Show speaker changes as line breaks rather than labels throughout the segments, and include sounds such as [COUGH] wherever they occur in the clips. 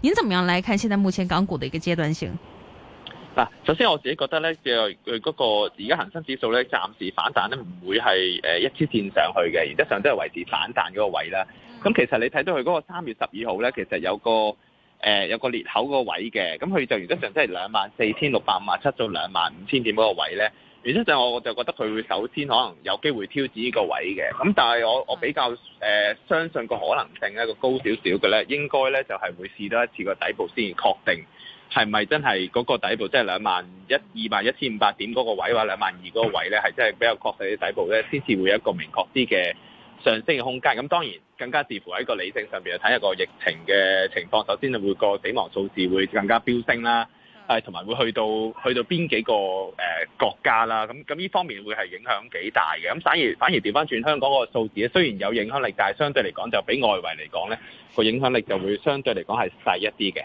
您怎麼樣來看現在目前港股的一個階段性？
嗱、啊，首先我自己覺得咧，就佢嗰、那個而家恒生指數呢，暫時反彈呢，唔會係誒、呃、一支線上去嘅，原則上都係維持反彈嗰個位啦。咁、嗯、其實你睇到佢嗰個三月十二號呢，其實有個誒、呃、有個裂口嗰個位嘅，咁佢就原則上都係兩萬四千六百五十七到兩萬五千點嗰個位呢。然之後就我就覺得佢會首先可能有機會挑戰呢個位嘅，咁但係我我比較誒、呃、相信個可能性咧，個高少少嘅咧，應該咧就係會試多一次個底部先至確定係咪真係嗰個底部，即係兩萬一、二萬一千五百點嗰個位或者兩萬二嗰個位咧，係真係比較確實嘅底部咧，先至會有一個明確啲嘅上升嘅空間。咁當然更加視乎喺個理性上邊，睇一個疫情嘅情況。首先就會個死亡數字會更加飆升啦。係，同埋會去到去到邊幾個誒國家啦？咁咁呢方面會係影響幾大嘅。咁反，反而反而調翻轉香港個數字，雖然有影響力，但係相對嚟講就比外圍嚟講咧個影響力就會相對嚟講係細一啲嘅。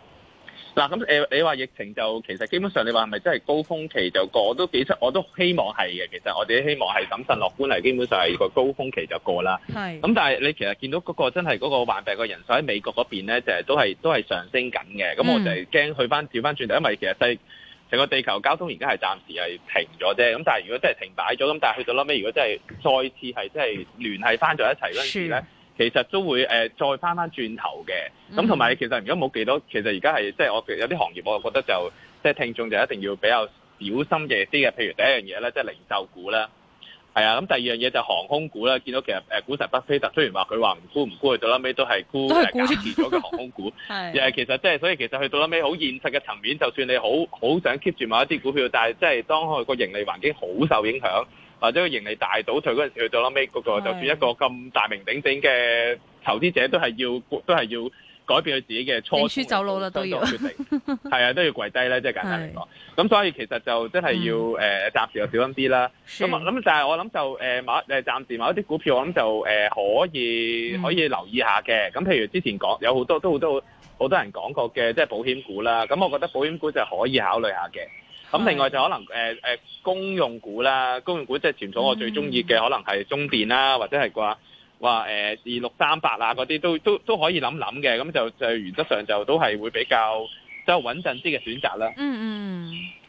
嗱咁誒，啊、你話疫情就其實基本上，你話係咪真係高峰期就過？我都幾出，我都希望係嘅。其實我哋希望係審慎樂觀嚟，基本上係個高峰期就過啦。咁是、嗯、但係你其實見到嗰、那個真係嗰個患病嘅人數喺美國嗰邊咧，就係、是、都係都係上升緊嘅。咁、嗯、我就係驚去翻，調翻轉頭，因為其實係成個地球交通而家係暫時係停咗啫。咁但係如果真係停擺咗，咁但係去到啦尾，如果真係再次係即係聯繫翻咗一齊嗰陣時咧。嗯其實都會誒、呃、再翻翻轉頭嘅，咁同埋其實而家冇幾多，其實而家係即係我有啲行業，我覺得就即係聽眾就一定要比較小心嘅啲嘅，譬如第一樣嘢咧，即係零售股啦，係啊，咁第二樣嘢就航空股啦。見到其實呃、股神巴菲特雖然話佢話唔沽唔沽，去到撚尾都係沽，都係沽啲咗嘅航空股，又 [LAUGHS] 是的 其實即係所以其實去到拉尾好現實嘅層面，就算你好好想 keep 住某一啲股票，但係即係當佢個盈利環境好受影響。或者個盈利大倒退嗰陣時去到啦尾嗰個，就算一個咁大名鼎鼎嘅投資者，都係要都係要改變佢自己嘅初
衷嘅決定。都
要係啊， [LAUGHS] 都要跪低啦，即係簡單嚟講。咁的所以其實就真係要誒、嗯呃、暫時又小心啲啦。咁啊，咁但係我諗就誒買誒暫時買一啲股票我，我諗就誒可以可以留意下嘅。咁譬如之前講有好多都好多好多人講過嘅，即係保險股啦。咁我覺得保險股就可以考慮下嘅。咁、嗯、另外就可能誒、呃呃、公用股啦，公用股即係傳統我最中意嘅，嗯、可能係中電啦，或者係掛話誒二六三八啊嗰啲都都都可以諗諗嘅，咁就就原則上就都係會比較即係穩陣啲嘅選擇啦。嗯嗯。嗯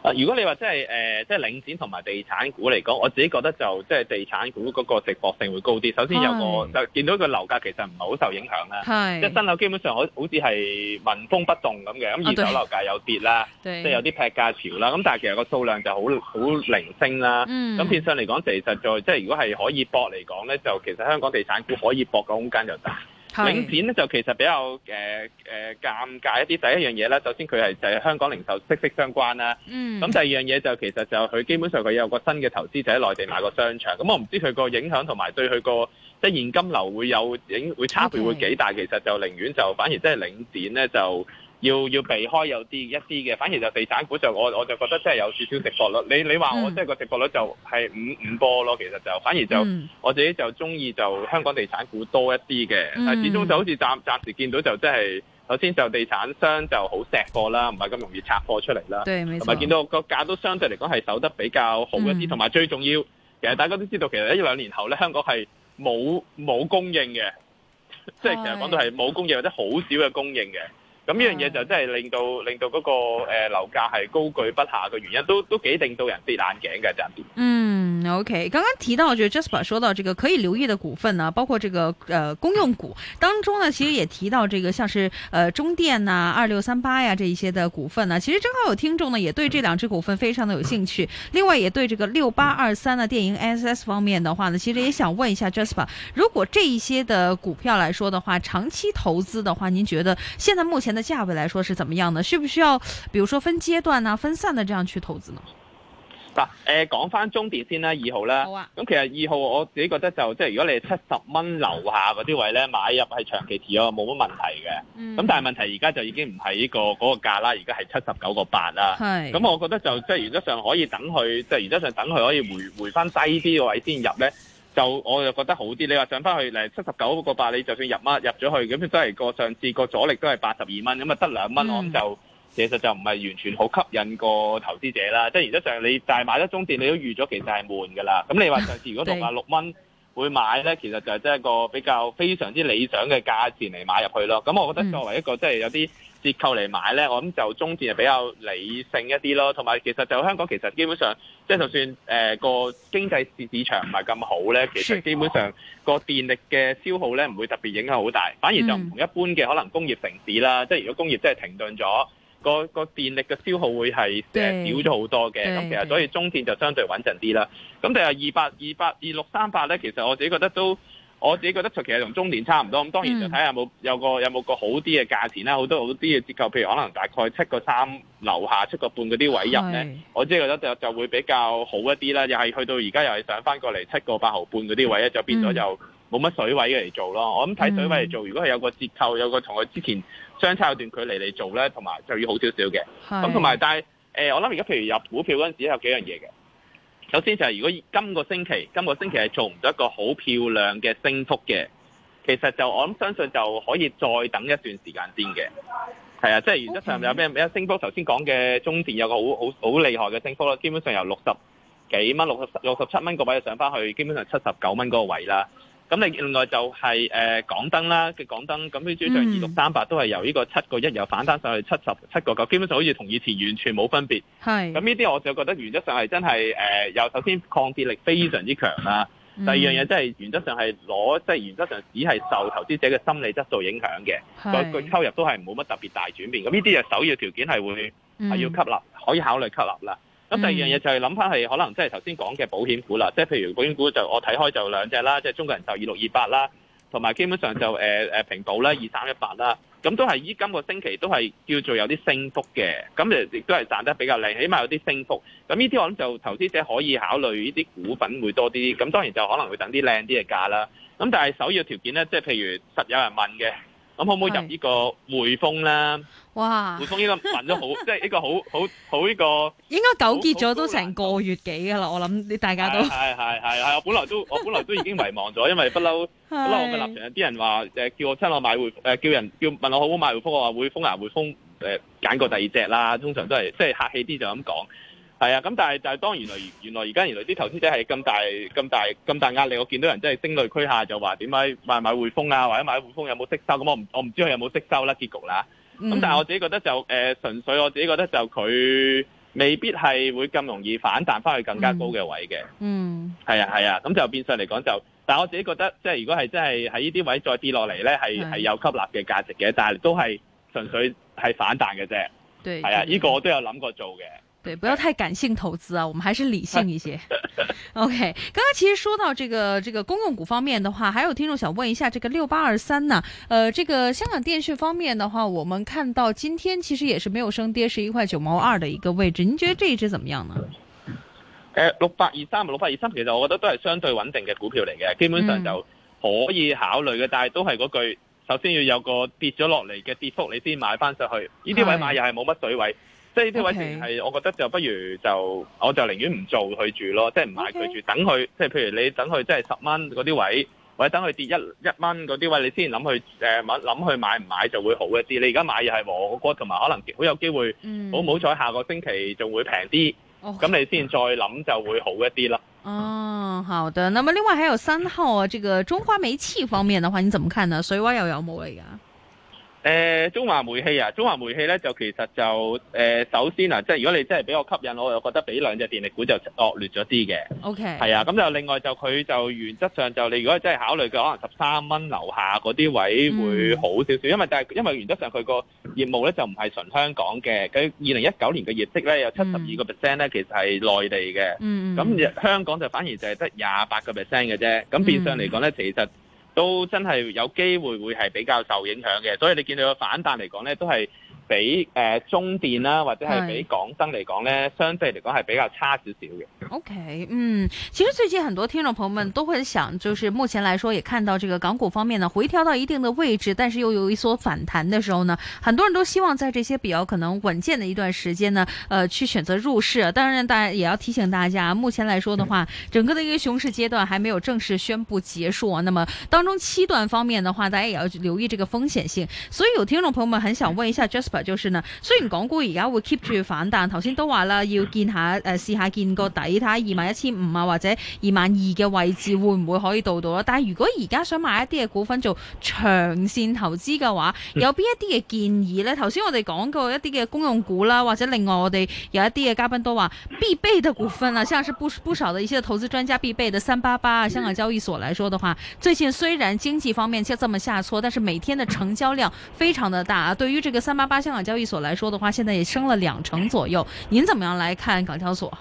啊、哦！如果你話即係誒，即、呃、係、就是、領展同埋地產股嚟講，我自己覺得就即係、就是、地產股嗰個直博性會高啲。首先有個是就見到個樓價其實唔係好受影響啦，是即係新樓基本上好好似係聞風不動咁嘅。咁二手樓價有跌啦，即係對有啲劈價潮啦。咁對但係其實個數量就好好零星啦。咁變相嚟講，其實就即係如果係可以博嚟講咧，就其實香港地產股可以博嘅空間就大。是領展咧就其實比較誒誒尷尬一啲，第一樣嘢咧，首先佢係就係、香港零售息息相關啦、嗯。嗯。咁第二樣嘢就其實就佢基本上佢有個新嘅投資者喺內地買個商場，咁我唔知佢個影響同埋對佢個即係現金流會有影會差別會幾大，okay, 其實就寧願就、嗯、反而即係領展咧就。要要避開有啲一啲嘅，反而就地產股就我我就覺得真係有少少值博率。你你話我即係個值博率就係五五波咯，其實就反而就、嗯、我自己就中意就香港地產股多一啲嘅。嗯、但始終就好似暫暫時見到就即、就、係、是、首先就地產商就好錫貨啦，唔係咁容易拆貨出嚟啦。同埋見到個價都相對嚟講係守得比較好一啲，同埋、嗯、最重要，其實大家都知道，其實一兩年後咧，香港係冇冇供應嘅，即係是 [LAUGHS] 其實講到係冇供應或者好少嘅供應嘅。咁呢樣嘢就真係令到令到嗰個誒樓價係高居不下嘅原因，都都幾令到人跌眼鏡嘅，暫
時、嗯。嗯，OK，剛剛提到，就 Jasper 說到這個可以留意的股份呢、啊，包括這個誒、呃、公用股當中呢，其實也提到這個像是誒、呃、中電啊、二六三八呀，這一些的股份呢、啊，其實正好有聽眾呢也對這兩隻股份非常的有興趣。另外也對這個六八二三的電盈 s s 方面的話呢，其實也想問一下 Jasper，如果這一些的股票來說的話，長期投資的話，您覺得現在目前價位來說是怎麼樣的？需不需要，比如說分階段啊分散的這樣去投資呢？嗱、
啊，誒、呃，講翻中跌先啦，二號啦好啊。咁、嗯嗯、其實二號我自己覺得就即係如果你係七十蚊樓下嗰啲位咧，買入係長期持有冇乜問題嘅。咁但係問題而家就已經唔係呢個、嗰個價啦，而家係七十九個八啦。係咁是、嗯，我覺得就即係原則上可以等佢，即係原則上等佢可以回回翻低啲嘅位先入咧。就我就覺得好啲，你話上翻去嚟七十九個八，你就算入乜入咗去，咁都係個上次個阻力都係八十二蚊，咁啊得兩蚊我就其實就唔係完全好吸引個投資者啦。即係而家上，你，但係買得中電，你都預咗其實係悶噶啦。咁你話上次如果同八六蚊會買咧，對其實就係即係一個比較非常之理想嘅價錢嚟買入去咯。咁我覺得作為一個、嗯、即係有啲。折扣嚟買呢，我諗就中電就比較理性一啲咯。同埋其實就香港其實基本上，即係就算誒個、呃、經濟市市場唔係咁好呢，其實基本上個電力嘅消耗呢唔會特別影響好大，反而就唔同一般嘅、嗯、可能工業城市啦。即係如果工業真係停頓咗，個個電力嘅消耗會係對、呃、少咗好多嘅。咁對其實所以中電就相對穩陣啲啦。咁第係二八二八二六三八呢，其實我自己覺得都。我自己覺得就其實同中電差唔多，咁當然就睇下有冇有，有個有冇個好啲嘅價錢啦，好、嗯、多好啲嘅折扣，譬如可能大概七個三樓下七個半嗰啲位置入咧，是我即係覺得就就會比較好一啲啦。又係去到而家又係上翻過嚟七個八毫半嗰啲位咧，就變咗就冇乜水位嚟做咯。我諗睇水位嚟做，如果係有個折扣，有個同佢之前相差有段距離嚟做咧，同埋就要好少少嘅。咁同埋但係、呃、我諗而家譬如入股票嗰陣時有幾樣嘢嘅。首先就係，如果今個星期，今個星期係做唔到一個好漂亮嘅升幅嘅，其實就我諗相信就可以再等一段時間先嘅。係啊 Okay.，即係原則上有咩咩升幅？頭先講嘅中電有個好好好厲害嘅升幅啦，基本上由六十幾蚊、六十、六十七蚊個位上翻去，基本上七十九蚊嗰個位啦。咁你另外就係、是、誒、呃、港燈啦嘅港燈，咁跟住像二六三八都係由呢個七個一又反彈上去七十七個九，基本上好似同以前完全冇分別。咁呢啲我就覺得原則上係真係誒、呃，又首先抗跌力非常之強啦。嗯、第二樣嘢即係原則上係攞，即、就、係、是、原則上只係受投資者嘅心理質素影響嘅。是個個收入都係冇乜特別大轉變。咁呢啲就首要條件係會係、嗯、要吸納，可以考慮吸納啦。咁、嗯、第二樣嘢就係諗翻係可能即係頭先講嘅保險股啦，即係譬如保險股就我睇開就兩隻啦，即係中國人壽二六二八啦，同埋基本上就誒平保啦二三一八啦，咁都係依今個星期都係叫做有啲升幅嘅，咁亦都係賺得比較靚，起碼有啲升幅。咁呢啲我諗就投資者可以考慮呢啲股份會多啲，咁當然就可能會等啲靚啲嘅價啦。咁但係首要條件咧，即係譬如實有人問嘅。咁可唔可以入呢個匯豐咧？
哇！匯豐呢
個問咗好，即係呢個好好好呢個
應該糾結咗都成個月幾㗎啦，我諗你大家都係
係係係，我本來都我本來都已經迷惘咗，因為不嬲不嬲我嘅立場有啲人話誒叫我親我買匯誒叫人叫問我好唔好買匯豐，我話匯豐呀匯豐誒揀過第二隻啦，通常都係即係客氣啲就咁講。係啊，咁但係就係當然原來原來而家原來啲投資者係咁大咁大咁大壓力，我見到人真係聲淚俱下就話點解買買匯豐啊，或者買匯豐有冇息收？咁我唔我唔知佢有冇息收啦，結局啦。咁但係我自己覺得就誒，純、呃、粹我自己覺得就佢未必係會咁容易反彈翻去更加高嘅位嘅，嗯。嗯，係啊係啊，咁、啊、就變相嚟講就，但係我自己覺得即、就、係、是、如果係真係喺呢啲位再跌落嚟咧，係係是有吸納嘅價值嘅，但係都係純粹係反彈嘅啫。
係對啊，呢、嗯、
個我都有諗過做嘅。
對，不要太感性投資啊，我們還是理性一些。 [LAUGHS] OK，剛剛其實說到這個這個公用股方面的話，還有聽眾想問一下這個六八二三呢？呃，這個香港電訊方面的話，我們看到今天其實也是沒有升跌，十一塊九毛二的一個位置。您覺得這一隻怎麼樣呢？
呃，六八二三，六八二三，其實我覺得都係相對穩定嘅股票嚟嘅，基本上就可以考慮嘅，但係都係嗰句，嗯、首先要有個跌咗落嚟嘅跌幅，你先買翻上去。呢啲位買又係冇乜水位。嗯嗯即呢啲位先我覺得就不如就，Okay. 我就寧願唔做佢住咯，即係唔買佢住，Okay. 等佢，即係譬如你等佢，即係十蚊嗰啲位，或者等佢跌一一蚊嗰啲位，你先諗去誒，諗、呃、去買唔買就會好一啲。你而家買嘢係我覺得，同埋可能好有機會，嗯、好唔好彩下個星期就會平啲，咁 Okay. 你先再諗就會好一啲啦。哦，
好的。那麼另外還有三號啊，這個中華煤氣方面的話，你怎麼看呢？水位又有冇嚟噶？
誒中華煤氣啊！中華煤氣咧就其實就誒首先啊，即係如果你真係比我吸引，我又覺得比兩隻電力股就惡劣咗啲嘅。O K。係啊，咁就另外就佢就原則上就你如果真係考慮佢可能十三蚊樓下嗰啲位會好少少，因為但係因為原則上佢個業務咧就唔係純香港嘅，佢二零一九年嘅業績咧有七十二個 percent 咧，其實係內地嘅。嗯嗯。咁香港就反而就係得廿八個 percent 嘅啫。咁變相嚟講咧，其實。都真係有機會會係比較受影響嘅，所以你見到個反彈嚟講呢，都係比誒、呃、中電啦、啊，或者係比港燈嚟講呢，相對嚟講係比較差少少嘅。
OK，嗯，其實最近很多聽眾朋友們都會想，就是目前來說也看到這個港股方面呢回調到一定的位置，但是又有所反彈的時候呢，很多人都希望在這些比較可能穩健的一段時間呢，呃，去選擇入市。當然，大家也要提醒大家，目前來說的話，整個的一個熊市階段還沒有正式宣布結束。那麼當中七段方面的話，大家也要留意這個風險性。所以有聽眾朋友們很想問一下 Jasper，就是呢，所以你港股而家會 keep 住反彈，頭先都話啦，要見下，呃，試下見個底。睇二萬一千五啊，或者二萬二嘅位置，會唔會可以到到咯？但係如果而家想買一啲嘅股份做長線投資嘅話，有邊一啲嘅建議呢？頭先我哋講過一啲嘅公用股啦，或者另外我哋有一啲嘅嘉賓都話必備嘅股份啊，即係阿不少嘅一啲，投資專家必備嘅三八八香港交易所嚟講嘅話，最近雖然經濟方面即係咁下挫，但是每天嘅成交量非常的大啊。對於這個三八八香港交易所嚟講嘅話，現在也升了兩成左右。您點樣嚟看港交所？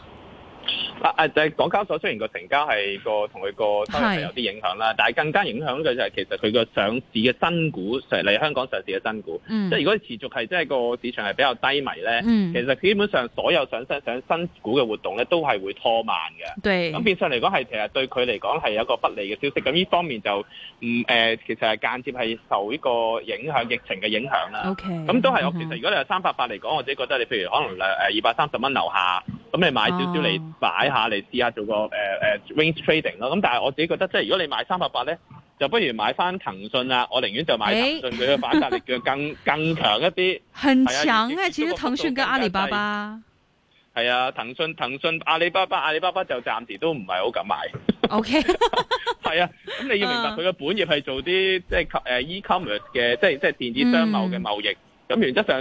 啊誒、啊，就係、是、港交所雖然個成交係個同佢個收入係有啲影響啦，是但係更加影響嘅就係其實佢個上市嘅新股，成嚟香港上市嘅新股，嗯、即係如果持續係即係個市場係比較低迷咧，嗯、其實基本上所有上新上新股嘅活動咧，都係會拖慢嘅。對，咁變相嚟講係其實對佢嚟講係有一個不利嘅消息。咁呢方面就唔誒、嗯呃，其實係間接係受呢個影響疫情嘅影響啦。O K，咁都係我、嗯、哼其實如果你係三百八嚟講，我自己覺得你譬如可能誒二百三十蚊樓下。咁你買少少嚟擺下嚟試下做個誒誒 range trading 咯，咁但係我自己覺得，即係如果你買三百八咧，就不如買翻騰訊啊！我寧願就買騰訊，佢嘅反彈力仲更更強一啲。很強啊！其實騰
訊跟阿里巴巴。
係啊，騰訊騰訊阿里巴巴阿里巴巴就暫時都唔係好敢買。OK。係啊，咁你要明白佢嘅本業係做啲即係 e-commerce 嘅，即係即係電子商務嘅貿易。咁原則上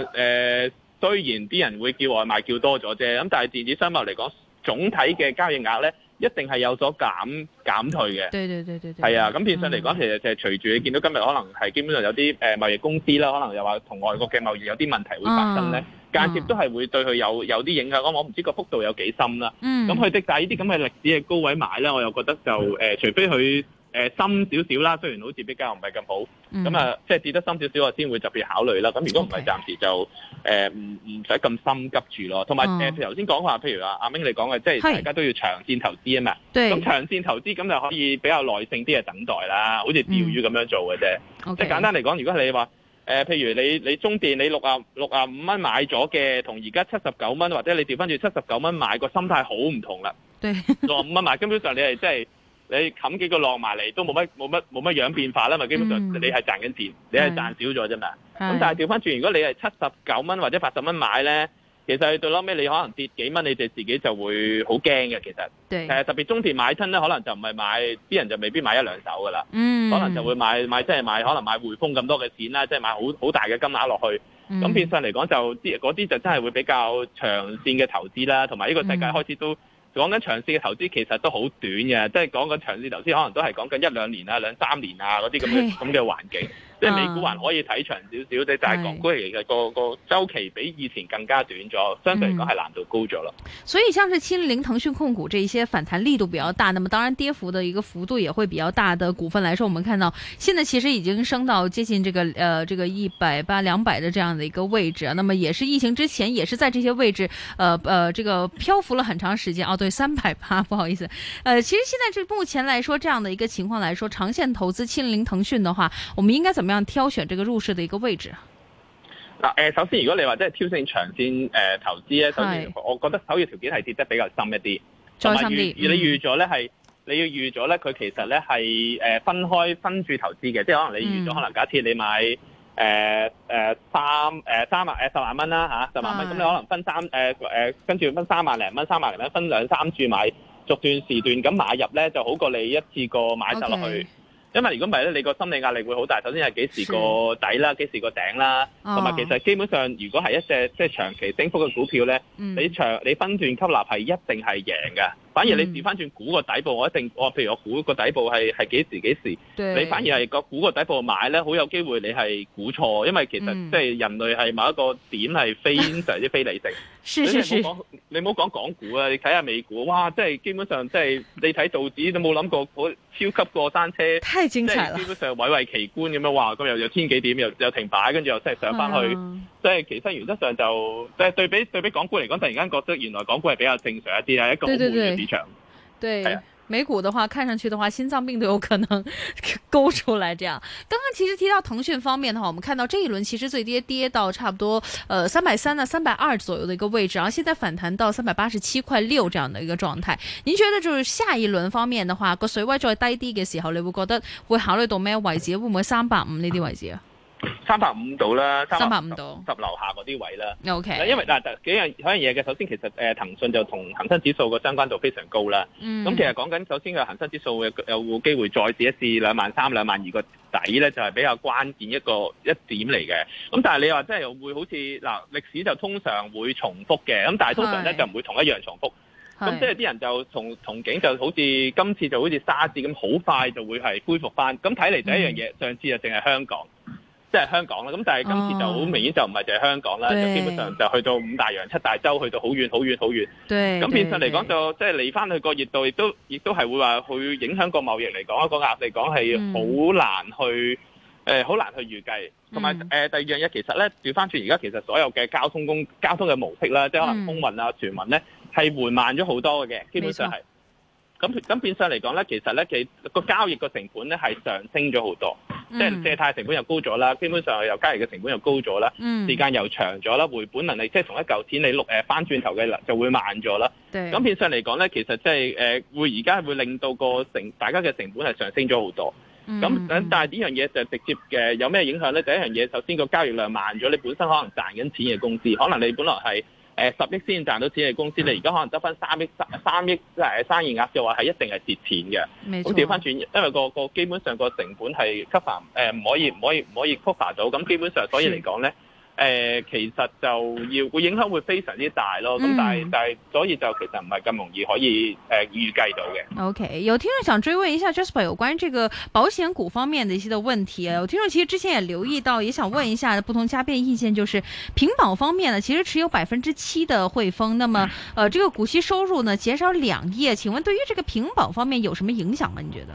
雖然啲人會叫外賣叫多咗啫，咁但係電子商務嚟講，總體嘅交易額咧，一定係有所減減退嘅。對對對對，係啊，咁變相嚟講，其實就係隨住你見到今日可能係基本上有啲誒貿易公司啦，可能又話同外國嘅貿易有啲問題會發生咧，間接都係會對佢有有啲影響。我我唔知個幅度有幾深啦。嗯，咁佢的但係呢啲咁嘅歷史嘅高位買咧，我又覺得就誒，除非佢。誒深少少啦，雖然好似比較唔係咁好，咁、嗯、啊，即、就、係、是、跌得深少少，我先會特別考慮啦。咁如果唔係，暫時就誒唔唔使咁心急住咯。同埋譬頭先講話，譬如話、啊、阿明你講嘅，即係大家都要長線投資啊嘛。咁長線投資咁就可以比較耐性啲嘅等待啦，好似釣魚咁樣做嘅啫。嗯 okay. 即係簡單嚟講，如果你話、呃、譬如你你中電你六啊六啊五蚊買咗嘅，同而家七十九蚊，或者你調翻住七十九蚊買，個心態好唔同啦。六啊對五蚊買，根本上你係即係。你冚幾個落埋嚟都冇乜冇乜冇乜樣變化啦，基本上你係賺緊錢，嗯、你係賺少咗啫嘛。咁是但係調翻轉，如果你係七十九蚊或者八十蚊買咧，其實到拉尾你可能跌幾蚊，你哋自己就會好驚嘅。其實誒對 特別中鐵買親咧，可能就唔係買啲人就未必買一兩手噶啦，嗯、可能就會買買即係買可能買匯豐咁多嘅錢啦，即係買好好大嘅金額落去。咁、嗯、變相嚟講就啲嗰啲就真係會比較長線嘅投資啦，同埋呢個世界開始都。嗯講緊長線嘅投資其實都好短嘅，即係講緊長線投資可能都係講緊一兩年啊、兩三年啊嗰啲咁樣咁嘅環境。即係美股還可以睇長少少啲，但係港股嚟嘅個個周期比以前更加短咗，嗯、相對嚟講係難度高咗咯。
所以，像是七零零騰訊控股這些反彈力度比較大，那麼當然跌幅的一個幅度也會比較大的股份來說，我們看到現在其實已經升到接近這個，呃，這個一百八兩百的這樣的一個位置啊。那麼也是疫情之前，也是在這些位置，呃呃，這個漂浮了很長時間。哦，對，三百八，不好意思。呃，其實現在就目前來說，這樣的一個情況來說，長線投資七零零騰訊的話，我們應該怎麼？咁樣挑選這個入市的一個位置？
誒，首先如果你話即係挑選長線誒、呃、投資咧，首先我覺得首要條件係跌得比較深一啲，再深啲有、嗯。你預咗咧，係你要預咗咧，佢其實咧係誒分開分住投資嘅，即係可能你預咗，嗯、可能假設你買誒誒、呃、三誒、呃、三萬誒十萬蚊啦吓，十萬蚊咁、啊、的你可能分三誒誒、呃呃、跟住分三萬零蚊、三萬零蚊分兩三注買，逐段時段咁買入咧就好過你一次過買晒落去。Okay. 因為如果唔係咧，你個心理壓力會好大。首先係幾時個底啦，幾的時個頂啦，同埋、啊、其實基本上，如果係一隻即係長期升幅嘅股票咧，你長、嗯、你分段吸納係一定係贏嘅。反而你調翻轉估個底部，嗯、我一定我譬如我估個底部係係幾時幾時，對你反而係個估個底部買咧，好有機會你係估錯，因為其實即係人類係某一個點係非常之、嗯、非理性。 [LAUGHS] 是，是，是，你唔好講你唔好講港股啊，你睇下美股，哇！即係基本上即係你睇道指都冇諗過嗰超級過山車，太精彩即係基本上蔚為奇觀咁樣，哇！咁又又千幾點，又又停擺，跟住又即係上翻去。即係其實原則上就即係對比對比港股嚟講，突然間覺得原來港股係比較正常一啲啊，一個好活躍嘅市場。
對，對，對，對對美股嘅話，看上去嘅話，心臟病都有可能勾 [LAUGHS] 出來。這樣，剛剛其實提到騰訊方面嘅話，我們看到這一輪其實最低跌到差不多，誒、呃，三百三啊，三百二左右嘅一個位置，然後現在反彈到三百八十七塊六，這樣的一個狀態。您覺得就是下一輪方面嘅話，個水位再低啲嘅時候，你會覺得會考慮到咩位置？會唔會三百五呢啲位置啊？
三百五度啦，三百五十樓下嗰啲位啦。OK。因為嗱，幾樣嘢嘅。首先，其實誒騰訊就同恒生指數個相關度非常高啦。嗯。咁其實講緊首先嘅恒生指數有有機會再試一試，兩萬三、兩萬二個底咧，就係比較關鍵一個一點嚟嘅。咁但係你話即係會好似嗱歷史就通常會重複嘅。咁但係通常咧就唔會同一樣重複。咁即係啲人就同同景就好似今次就好似沙士咁，好快就會係恢復翻。咁睇嚟第一樣嘢，嗯、上次就淨係香港。即係香港啦，咁但係今次就好明顯就唔係淨係香港啦，就基本上就去到五大洋、七大洲，去到好遠、好遠、好遠。對，咁變相嚟講，就即係嚟翻去個熱度，亦都亦都係會話去影響個貿易嚟講，個額嚟講係好難去誒，好難去預計。同埋誒第二樣嘢，其實咧調翻轉而家，其實所有嘅交通工交通嘅模式啦，即係可能空運啊、船運咧，係緩慢咗好多嘅，基本上係。咁咁變相嚟講咧，其實咧其個交易個成本咧係上升咗好多，即係、嗯、借貸成本又高咗啦，基本上又交易嘅成本又高咗啦，嗯、時間又長咗啦，回本能力即係、就是、同一嚿錢你碌誒翻轉頭嘅就會慢咗啦。咁對變相嚟講咧，其實即係誒會而家會令到個成大家嘅成本係上升咗好多。咁、嗯、但係呢樣嘢就直接嘅有咩影響咧？第一樣嘢首先個交易量慢咗，你本身可能賺緊錢嘅公司，可能你本來係。誒、呃、十億先賺到錢嘅公司，你而家可能得翻三億三三億誒、呃、生意額嘅話，係一定係蝕錢嘅。
咁調翻
轉，因為、個個基本上個成本係 cover 唔、呃、可以唔可以唔可以 cover 到，咁基本上所以嚟講咧。嗯呃其實就要會影響會非常之大咯，咁、嗯、但係但所以就其實唔係咁容易可以誒預計到嘅。
OK，有聽眾想追問一下 Jasper 有關於這個保險股方面的一些的問題、啊。有聽眾其實之前也留意到，也想問一下不同嘉賓意見，就是平保方面呢，其實持有百分之七的匯豐，那麼呃這個股息收入呢減少兩億，請問對於這個平保方面有什麼影響嗎，你覺得？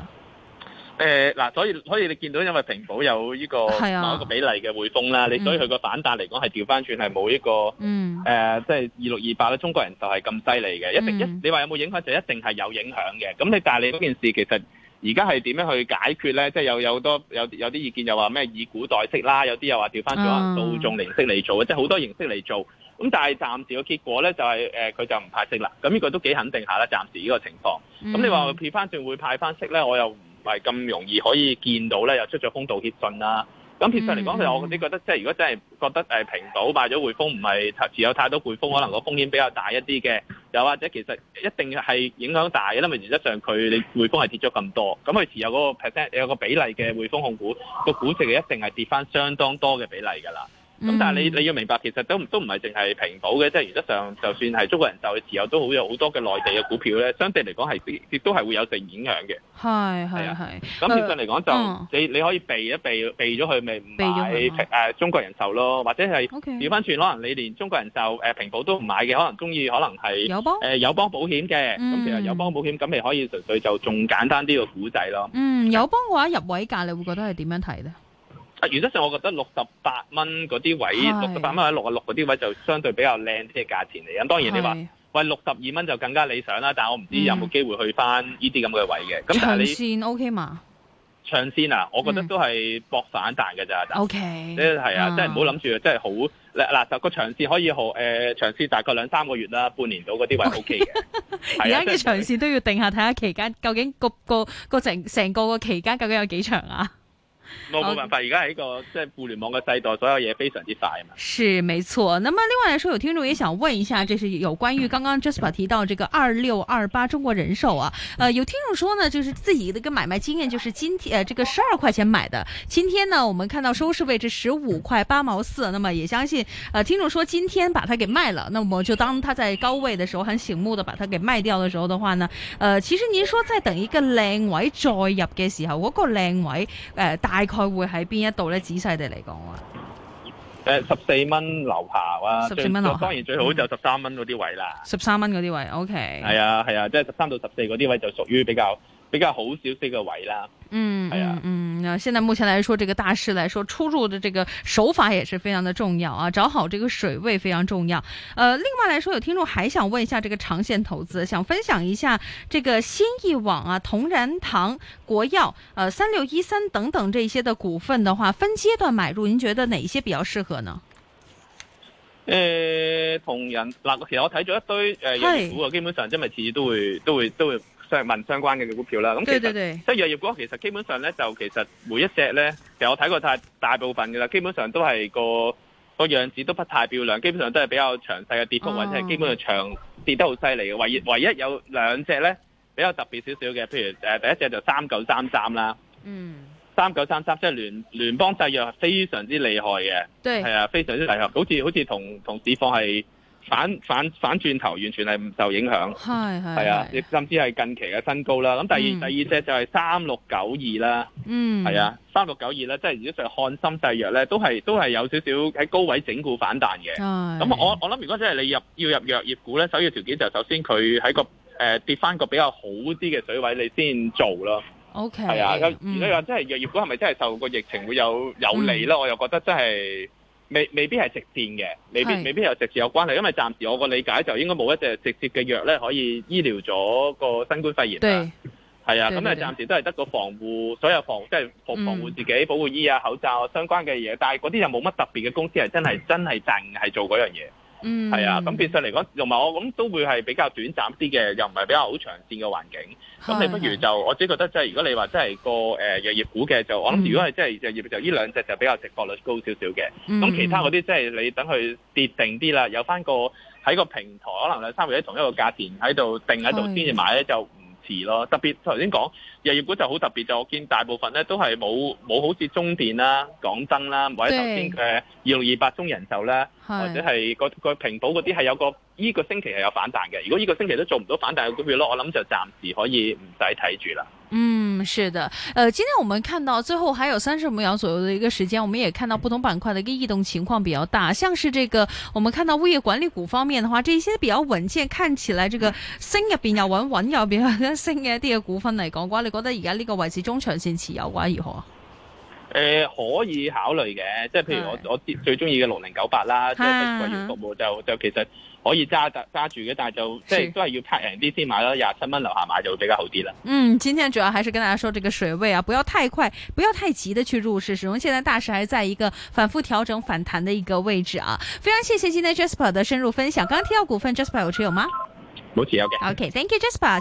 誒嗱、呃，所以所以你見到，因為平保有依個某一個比例嘅匯豐啦，你、啊嗯、所以佢個反彈嚟講係調翻轉係冇依個誒，即係二六二八咧。呃就是、28，中國人就係咁犀利嘅。嗯、一定一你話有冇影響就一定係有影響嘅。咁你但係你嗰件事其實而家係點樣去解決咧？即係又有個有多有啲意見又話咩以股代息啦，有啲又話調翻轉話道眾零式嚟做即係好多形式嚟做。咁但係暫時嘅結果咧就係誒佢就唔派息啦。咁呢個都幾肯定下啦。暫時呢個情況咁。嗯、咁你話調翻轉會派翻息咧，我又。唔係咁容易可以見到咧，又出咗封道歉信啦。咁其實嚟講，其實我自己覺得，即係如果真係覺得誒平倒買咗匯豐，唔係持有太多匯豐，可能個風險比較大一啲嘅。又或者其實一定係影響大啦，咪原則上佢你匯豐係跌咗咁多，咁佢持有嗰個 percent 你有個比例嘅匯豐控股個股值係一定係跌翻相當多嘅比例㗎啦。咁但係你你要明白，其實都都唔係淨係平保嘅，即係原則上，就算係中國人壽持有，都好有好多嘅內地嘅股票咧。相對嚟講係亦都係會有一定影響嘅。係
係啊，係。咁原則嚟
講，就你你可以避一避，避咗佢咪唔買誒中國人壽咯，或者係調返轉可能你連中國人壽誒平保都唔買嘅，可能鍾意可能係誒友邦保險嘅。咁其實友邦保險咁你可以純粹就仲簡單啲個股仔咯。嗯，
友邦嘅話入位價你會覺得係點樣睇咧？
原則上，我覺得六十八蚊嗰啲位，六十八蚊或者六十六嗰啲位就相對比較靚啲嘅價錢嚟。咁當然你話，是喂六十二蚊就更加理想啦。但係我唔知有冇機會去返呢啲咁嘅位嘅。咁、嗯、你長
線 OK 嘛？
長線啊，我覺得都係博反彈嘅咋。OK，即係係啊，即係唔好諗住，即係好嗱就個長線可以學誒、呃、長線大概兩三個月啦，半年到嗰啲位 OK 嘅。而家嘅長
線 [LAUGHS] 都要定下睇下期間究竟個個個成成個,個個期間究竟有幾長啊？
我冇辦法，而家係一個即係互聯網嘅世代，所有嘢，非常之大。嘛、哦，
是沒錯。那麼另外來說，有聽眾也想問一下，這是有關於剛剛 Jasper 提到這個二六二八中國人壽啊。呃，有聽眾說呢，就是自己一個買賣經驗，就是今天，呃，這個十二塊錢買的，今天呢，我們看到收市位置十五塊八毛四。那麼也相信，呃，聽眾說今天把它給賣了，那麼就當它在高位的時候很醒目的把它給賣掉的時候的話呢，呃，其實您說在等一個靚位再入嘅時候，嗰個靚位、呃，大。大概會喺邊一度咧？仔細地嚟講啊。
誒、呃，十四蚊樓下啊。十四蚊樓下，當然最好就是十三蚊嗰啲位啦。
十三蚊嗰啲位，OK。係啊係啊，即
係、啊就是、十三到十四嗰啲位就屬於比較比較好少少嘅位啦、嗯啊嗯。嗯，
係啊，嗯。那現在目前來說，這個大勢來說，出入的這個手法也是非常的重要啊，找好這個水位非常重要。呃，另外來說，有聽眾還想問一下這個長線投資，想分享一下這個新意網啊、同仁堂、國藥、呃、三六一三等等這些的股份的話，分階段買入，您覺得哪一些比較適合呢？呃，
同仁，嗱，其實我睇咗一堆誒，政府啊，是基本上真係每次都會都會都會。都會即係問相關嘅股票啦，咁其實即係藥業股，其實基本上咧，就其實每一隻咧，其實我睇過太大,大部分嘅啦，基本上都係個個樣子都不太漂亮，基本上都係比較詳細嘅跌幅、哦、或者係基本上長跌得好犀利嘅。唯一唯一有兩隻咧比較特別少少嘅，譬如誒第一隻就三九三三啦，嗯，三九三三即係聯聯邦製藥係非常之厲害嘅，係對啊，非常之厲害，好似好似同同市況係。反反反轉頭完全係唔受影響，係係係啊！亦甚至係近期嘅新高啦。咁第二、嗯、第二隻就係三六九二啦，係、嗯、啊，三六九二咧，即係如果實看翰森製藥咧，都係都係有少少喺高位整固反彈嘅。咁是我我諗，如果真係你要入要入藥業股咧，首要條件就首先佢喺個誒、呃、跌翻個比較好啲嘅水位你，你先做咯。OK，係啊。如果你話真係藥業股係咪真係受個疫情會有有利咧？嗯、我又覺得真、就、係、是。未未必係直接嘅，未必係未必有直接有關係，是因為暫時我個理解就應該冇一隻直接嘅藥咧可以醫療咗個新冠肺炎啦。係對啊，咁啊暫時都係得個防護，所有防即係、就是、防保護自己、嗯、保護衣啊、口罩相關嘅嘢，但係嗰啲又冇乜特別嘅公司係真係真係淨係做嗰樣嘢。嗯，係啊，咁、嗯、變相嚟講，同埋我諗都會係比較短暫啲嘅，又唔係比較好長線嘅環境。咁你不如就是是我自己覺得、就是，即係如果你話即係個誒業、呃、藥業股嘅，就、嗯、我諗如果係即係藥業就呢兩隻就比較折價率高少少嘅。咁、嗯、其他嗰啲即係你等佢跌定啲啦，有翻個喺個平台可能兩三個月同一個價錢喺度定喺度先至買咧的就。遲咯，特別頭先講日月股就好特別，就我見大部分咧都係冇冇好似中電啦、港燈啦，對 或者頭先嘅二六二八、中人壽啦是 或者係個個平保嗰啲係有個依、這個星期係有反彈嘅。如果依個星期都做唔到反彈嘅股票咯，我諗就暫時可以唔使睇住啦。
是的，呃，今天我們看到最後還有三十五秒左右的一個時間，我們也看到不同板塊的一個異動情況比較大，像是這個，我們看到物業管理股方面的話，這些比較穩健，看起來這個升入邊又穩穩入邊升嘅一啲嘅股份嚟講嘅話，你覺得而家呢個位置中長線持有嘅話如
何？誒、呃，可以考慮嘅，即係譬如我 [NOISE] 我最中意嘅六零九八啦，即係物業服務就 [NOISE] 就其實。可以揸得揸住嘅，但係就即係都係要拍平啲先買咯，廿七蚊樓下買就會比較好啲啦。
嗯，今天主要還是跟大家說，這個水位啊，不要太快，不要太急的去入市。始終現在大市還在一個反覆調整、反彈的一個位置啊。非常謝謝今天 Jasper 的深入分享。剛剛提到股份，Jasper 有持有嗎？
冇持有嘅。OK，okay.
Okay, thank you，Jasper。